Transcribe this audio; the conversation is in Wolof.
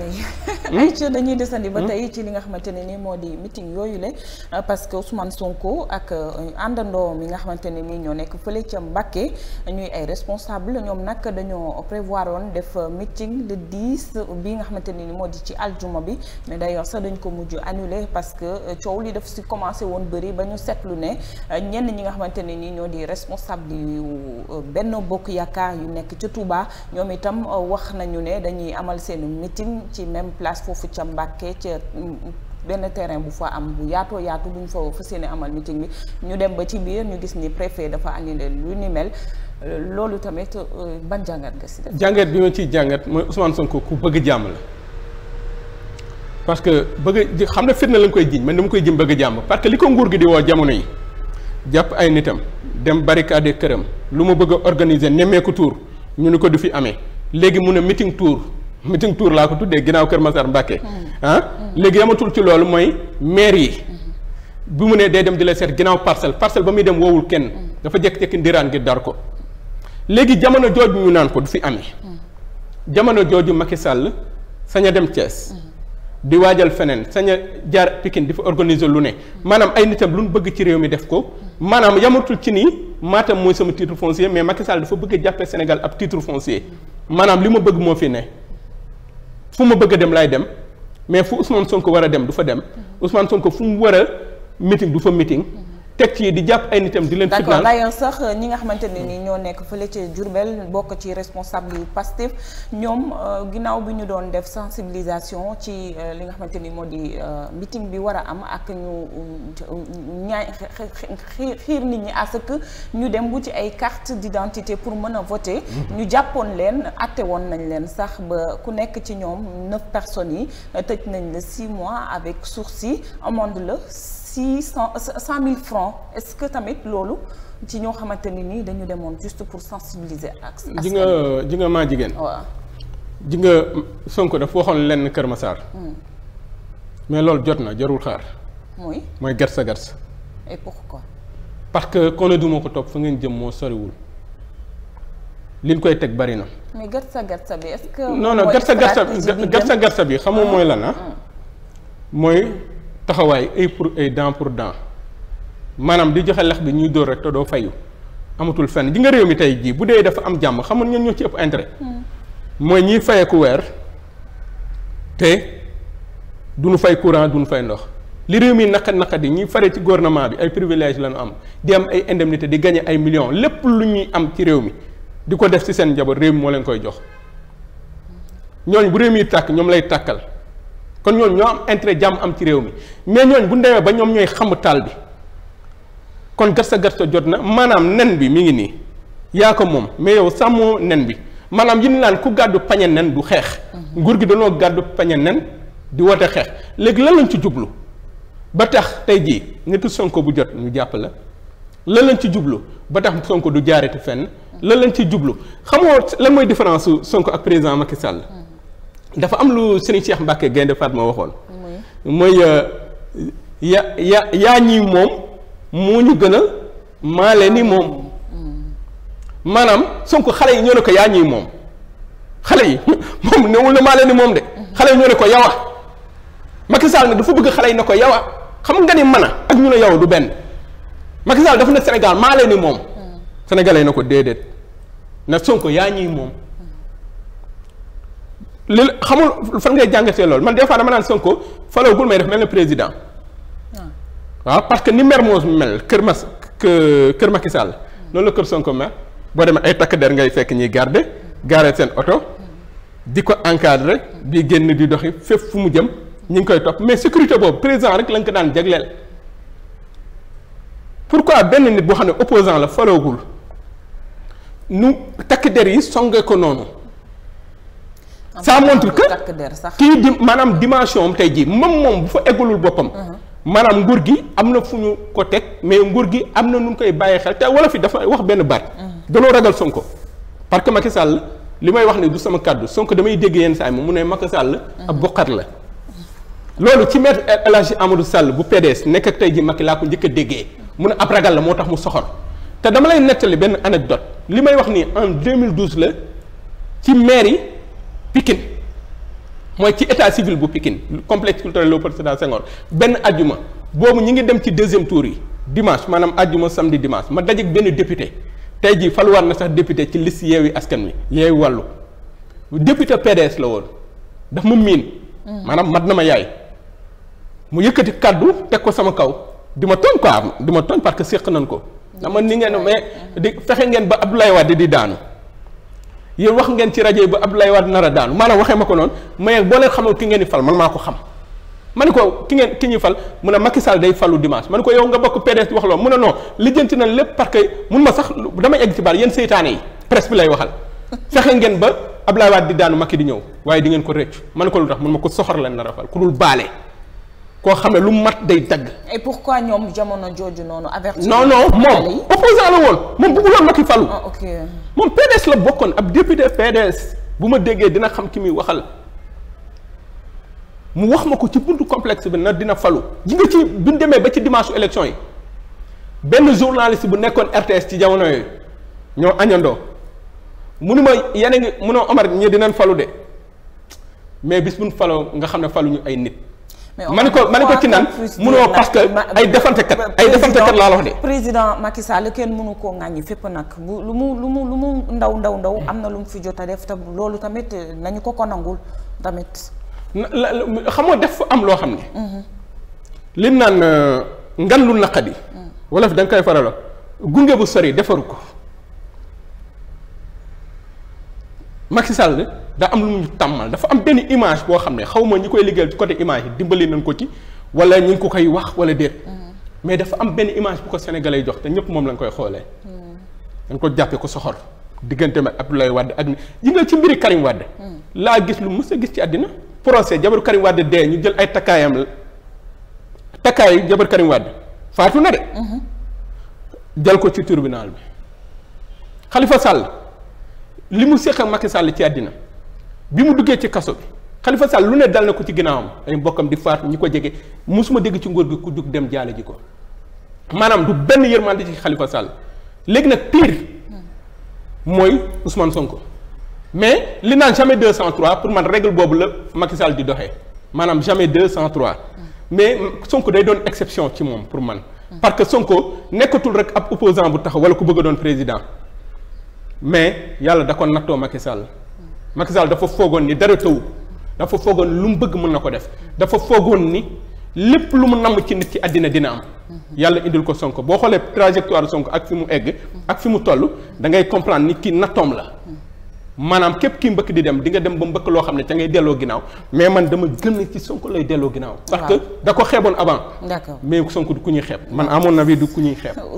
Hmm? ay ci dañuy desandi ba hmm? tey ci li nga xamante ne ni moo di meeting yooyu le ah, parce que Ousmane Sonko ak euh, àndandoo mi nga xamante ne ni ñoo nekk fële ca Mbacké ñuy ay responsable ñoom nag dañoo prévoir woon def euh, meeting le 10 bi nga xamante ni moo di ci aljuma bi mais d'ailleurs sax dañ ko mujj annulé parce que euh, coow li daf si commencé woon bëri ba ñu seetlu ne ñenn ñi nga xamante ne ni ñoo di responsable yu benn Bokk Yaakaar yu nekk ca Touba ñoom itam wax nañu ne dañuy amal seen ci même place foofu ca Mbàkke ca mm, mm, benn terrain bu fa am bu yaatoo yaatu bu ñu fa fas yéene amal meeting bi ñu dem ba ci biir ñu gis ni préfet dafa annulé lu ni mel loolu tamit euh, ban jàngat nga si def. jàngat bi ma ciy jàngat mooy Ousmane Sonko ku bëgg jàmm la parce que bëgg xam ne fitna lañ koy jiñ man dama koy jëm bëgg jàmm parce que li ko nguur gi di woo jamono yi jàpp ay nitam dem barricade këram lu ma bëgg a organiser nemmeeku tuur ñu ni ko du fi amee léegi mun a meeting meeting tour laa ko tuddee ginnaaw Kër Masar Mbàkke mm. ah mm. léegi yamatul ci loolu mooy maire yi mm-hmm. bu mu ne day dem di la seet ginnaaw parcelle parcelle ba muy dem wowul kenn mm. dafa jékki-jékki ndiraan ngir dar ko léegi jamono jooju ñu naan ko du fi amee jamono jooju Macky Sall sañ dem Thiès di waajal feneen sañ jaar Pikine di fa organiser lu ne maanaam ay nitam lu ñu bëgg ci réew mi def ko maanaam yamatul ci nii Matam mooy sama titre foncier mais Macky Sall dafa bëgg a jàppee Sénégal ab titre foncier maanaam li ma bëgg moo fi ne fu ma bëgg a dem laay dem mais fu Ousmane Sonko war a dem du fa dem Ousmane Sonko fu mu war a meeting du fa mitin teg ci di jàpp ay nitam di leen. fitnaal d'accord Lion sax euh, ñi nga xamante ne ni ñoo nekk fële ci Diourbel bokk ci responsable yu Pastef ñoom euh, ginnaaw bi ñu doon def sensibilisation ci euh, li nga xamante ni moo di meeting bi war a am ak ñu um, ñaay xiir nit ñi à ce que ñu dem bu ci ay carte d'identité pour mën a voter. ñu jàppoon leen atte woon nañ leen sax ba ku nekk ci ñoom neuf personnes yi tëj nañ la six mois avec sursis amende la. six cent cent mille francs est-ce que tamit loolu ci ñoo xamante ni nii dañu demoon juste pour sensibiliser. ak ji nga ji nga maa jigéen. waaw ji nga Sonko dafa waxoon lenn Kër Massar. Hmm. mais loolu jot na jarul xaar. mooy mooy gersa gersa. et pourquoi. parce que Kone du ma ko topp fa ngeen jëm moo soriwul. liñ koy teg bari na. mais gersa gersa bi est-ce que. non non gersa gersa gersa gersa bi xamoo ah, mooy lan ah. ah. mooy. taxawaay œil pour œil dent pour dent maanaam di joxe lex bi ñuy dóor rek te doo fayu amatul fenn ji nga réew mi tey jii bu dee dafa am jàmm xamul ñun ñoo ci ëpp intérêt. Mm. mooy ñiy fayeku weer te du ñu fay courant du ñu fay ndox li réew mi naqat naqat yi ñuy fare ci gouvernement bi ay privilège lañu am di am ay indemnité di gagné ay millions lépp lu ñuy am ci réew mi di ko def ci seen njaboot réew mi moo leen koy jox ñooñ bu réew mi tàkk ñoom lay tàkkal. kon ñooñu ñoo am intérêt jàmm am ci réew mi mais ñooñu bu ñu demee ba ñoom ñooy xam taal bi kon gatsa gatsa jot na maanaam nen bi mi ngi nii yaa ko moom mais yow sàmmoo nen bi maanaam yi ñu naan ku gàddu pañe nen du xeex. nguur gi dañoo gàddu pañe nen di wote xeex léegi lan lañ ci jublu ba tax tey jii ñetti sonko bu jot ñu jàpp la lan lañ ci jublu ba tax sonko du jaarati fenn lan lañ ci jublu xamoo lan mooy différence su sonko ak président Macky Sall. dafa am lu Serigne Cheikh Mbacke Gaynde Fatma waxoon. mooy euh, ya ya yaa ñi moom moo ñu gën a maale ni moom. Mm. maanaam Sonko xale yi ñoo ne ko yaa ñi moom xale yi moom newul na maale ni moom de. Mm-hmm. xale yi ñoo ne ko yawa Macky Sall ne dafa bëgg xale yi ne ko yawa xam nga ni mën a ak ñu ne yow du benn Macky Sall dafa ne Sénégal maale ni moom. Mm. sénégalais na ko déedéet na sonk yaa ñi moom. li xamul fan ngay jàngatee loolu man des fois dama naan Sonko falawgul may def mel ne président. waaw ah. ah, parce que ni Mermoz mel Kër Mas Kër Macky Sall noonu la Kër Sonko mel boo demee ay takk der ngay fekk ñuy garder garder seen oto di ko encadrer di génn di doxi fépp fu mu jëm ñu ngi koy topp mais sécurité boobu président rek lañ ko daan jagleel. pourquoi benn nit boo xam ne opposant la falawgul nu takk der yi songe ko noonu. ça montre que kii di maanaam dimension am tey jii moom moom bu fa eggalul boppam uh-huh. maanaam nguur gi am na fu ñu ko teg mais nguur gi am na nu ñu koy bàyyi xel te wala fi dafa wax benn bar uh-huh. daloo ragal Sonko parce que Macky Sall li may wax ne du sama kàddu Sonko damay dégg yenn saa yi mu ne Macky Sall uh-huh. ab boqat la loolu ci maître El Hadji Sall bu PDS nekk tey ji Macky laa ko njëkk a déggee mu ne ab ragal la moo tax mu soxor te dama lay nettali benn anecdote li may wax nii en 2012 la ci maire yi Pikine mooy ci état civil bu Pikine complexe culturel Léopold Sédar Senghor benn ajjuma boobu ñu ngi dem ci deuxième tour yi dimanche maanaam ajjuma samedi dimanche ma dajeek benn député tey jii faluwaat na sax député ci liste yeewi askan wi yeewi wàllu député PDS la woon daf ma miin. Mm. maanaam mat na ma yaay. mu yëkkati kàddu teg ko sama kaw di ma tooñ am di ma tooñ parce que séq nañ ko. Mm. dama ni ngeen mm. mais di fexe ngeen ba waa Wade di daanu. yéen wax ngeen ci rajo ba Abdoulaye Wade nar a daanu maanaam waxee ma ko noonu mais boo leen xamoo ki ngeen di fal man maa ko xam ma ne ko ki ngeen ki ñuy fal mu a Macky Sall day falu dimanche man ko yow nga bokk PDS wax loo mu a noo lijjanti na lépp parce que mun ma sax damay egg si baar yéen seytaane yi presse bi lay waxal fexe ngeen ba Abdoulaye Wade di daanu Macky di ñëw waaye di ngeen ko rëcc ma ne ko lu tax mun ma ko soxor leen nar a fal ku dul baale koo xam ne lu mat day dagg. et pourquoi ñoom jamono jooju noonu. avertir non non moom opposant la woon moom bëgguloon Macky falu. Ah, ok moom PDS la bokkoon ab député PDS bu ma déggee dina xam ki muy waxal mu wax ma ko ci buntu complexe bi nag dina falu ji nga ci bu ñu demee ba ci dimanche élection yi benn journaliste bu nekkoon RTS ci jamono yooyu ñoo añandoo mu ni ma yéen a ngi munoo Omar ñi dinañ falu de mais bis bu ñu faloo nga xam ne falu ñu ay nit. man ko man ko ci naan munoo parce que ay defantekat ay defantekat laa la de. président Macky Sall kenn mënu koo ŋàññi fépp nag bu lu mu lu mu lu mu ndaw ndaw ndaw am na lu mu fi jot a def tam loolu tamit nañu ko ko nangul tamit. xam def fu am loo xam ne. Mhm. lim naan euh, ngan lu naqadi. Mhm. wolof da nga koy faral gunge bu yi defaru ko. Macky Sall daa am lu mu tàmmal dafa am benn image boo xam ne xaw ma ñi koy liggéey ci côté image yi dimbali nañ ko ci wala ñu ngi ko koy wax wala déet. Mm-hmm. mais dafa am benn image bu ko Sénégalais jox te ñëpp moom lañ koy xoolee. Mm-hmm. dañ ko jàppee ko soxor diggante ma Abdoulaye Wade ak yi nga ci mbiri Karim Wade. Mm-hmm. laa gis lu mës a gis ci àddina. procès jabaru Karim Wade de ñu jël ay takkaayam takkaayu jabar Karim Wade faatu na de. jël ko ci tirbinal bi xalifa Sall. li mu séq ak Macky Sall ci àddina bi mu duggee ci kaso bi Khalifa Sall lu ne dal na ko ci ginnaawam ay mbokkam di faat ñi ko jege musuma dégg ci nguur gi ku jug dem jaale ji ko maanaam du benn yërmande ci Khalifa Sall léegi nag pire mooy Ousmane Sonko mais li naan jamais deux sans trois pour man règle boobu la Macky Sall di doxee maanaam jamais deux sans trois mais Sonko day doon exception ci moom pour man parce que Sonko nekkatul rek ab opposant bu taxaw wala ku bëgg doon président mais yàlla da ko nattoo Macky Sall Macky dafa foogoon ni dara tëw dafa foogoon lu mu bëgg mën na ko def dafa foogoon ni lépp lu mu namm ci nit ci àddina dina am yàlla indil ko sonk boo xoolee trajectoire sonk ak fi mu egg ak fi mu toll da ngay comprendre ni kii nattoom la maanaam képp kii mbëkk di dem di nga dem ba mbëkk loo xam ne ca ngay delloo ginnaaw mais man dama gëm ne ci Sonko lay delloo ginnaaw parce que da ko xeeboon avant d'accord mais sonk du ku ñuy xeeb man amoon na du ku ñuy xeeb